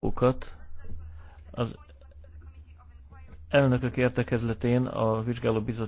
okat az elnökök értekezletén a vizsgálóbizottság